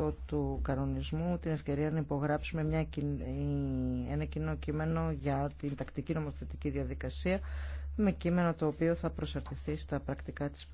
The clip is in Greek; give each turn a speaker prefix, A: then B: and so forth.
A: 78 του κανονισμού την ευκαιρία να υπογράψουμε μια, ένα κοινό κείμενο για την τακτική νομοθετική διαδικασία με κείμενο το οποίο θα
B: προσαρτηθεί στα πρακτικά της